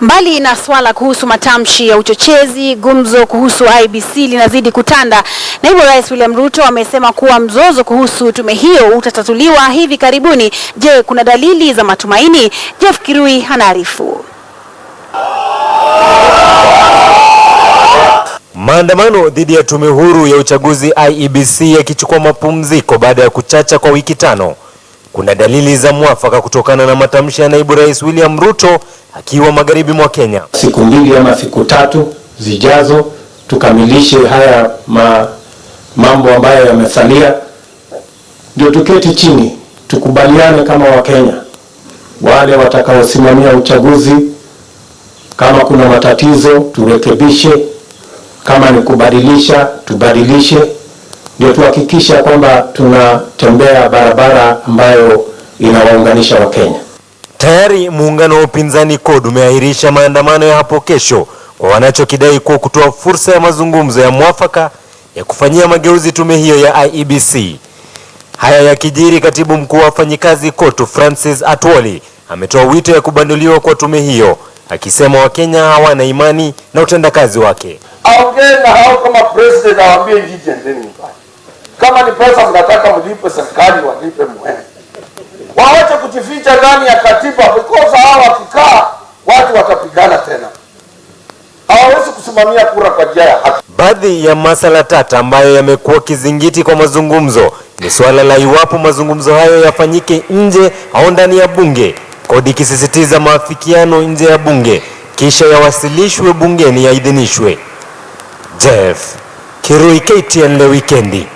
Mbali na swala kuhusu matamshi ya uchochezi, gumzo kuhusu IEBC linazidi kutanda. Naibu Rais William Ruto amesema kuwa mzozo kuhusu tume hiyo utatatuliwa hivi karibuni. Je, kuna dalili za matumaini? Jeff Kirui anaarifu. Maandamano dhidi ya tume huru ya uchaguzi IEBC yakichukua mapumziko baada ya kuchacha kwa wiki tano kuna dalili za mwafaka kutokana na matamshi ya naibu rais William Ruto akiwa magharibi mwa Kenya. Siku mbili ama siku tatu zijazo tukamilishe haya ma, mambo ambayo yamesalia, ndio tuketi chini tukubaliane kama Wakenya, wale watakaosimamia uchaguzi, kama kuna matatizo turekebishe, kama ni kubadilisha tubadilishe ndio tuhakikisha kwamba tunatembea barabara ambayo inawaunganisha Wakenya. Tayari muungano wa upinzani CORD umeahirisha maandamano ya hapo kesho kwa wanachokidai kuwa kutoa fursa ya mazungumzo ya mwafaka ya kufanyia mageuzi tume hiyo ya IEBC. Haya yakijiri, katibu mkuu wa wafanyikazi KOTU Francis Atwoli ametoa wito ya kubanduliwa kwa tume hiyo, akisema Wakenya hawana imani na utendakazi wake. Aongee na hao kama president awaambie nchi iende kama ni pesa mnataka mlipe serikali, walipe mwenyewe, waache kujificha ndani ya katiba, because hawa wakikaa watu watapigana tena, hawawezi kusimamia kura kwa njia ya haki. Baadhi ya masala tata ambayo yamekuwa kizingiti kwa mazungumzo ni suala la iwapo mazungumzo hayo yafanyike nje au ndani ya bunge, kodi ikisisitiza maafikiano nje ya bunge kisha yawasilishwe bungeni yaidhinishwe. Jeff Kirui, KTN, le Weekendi.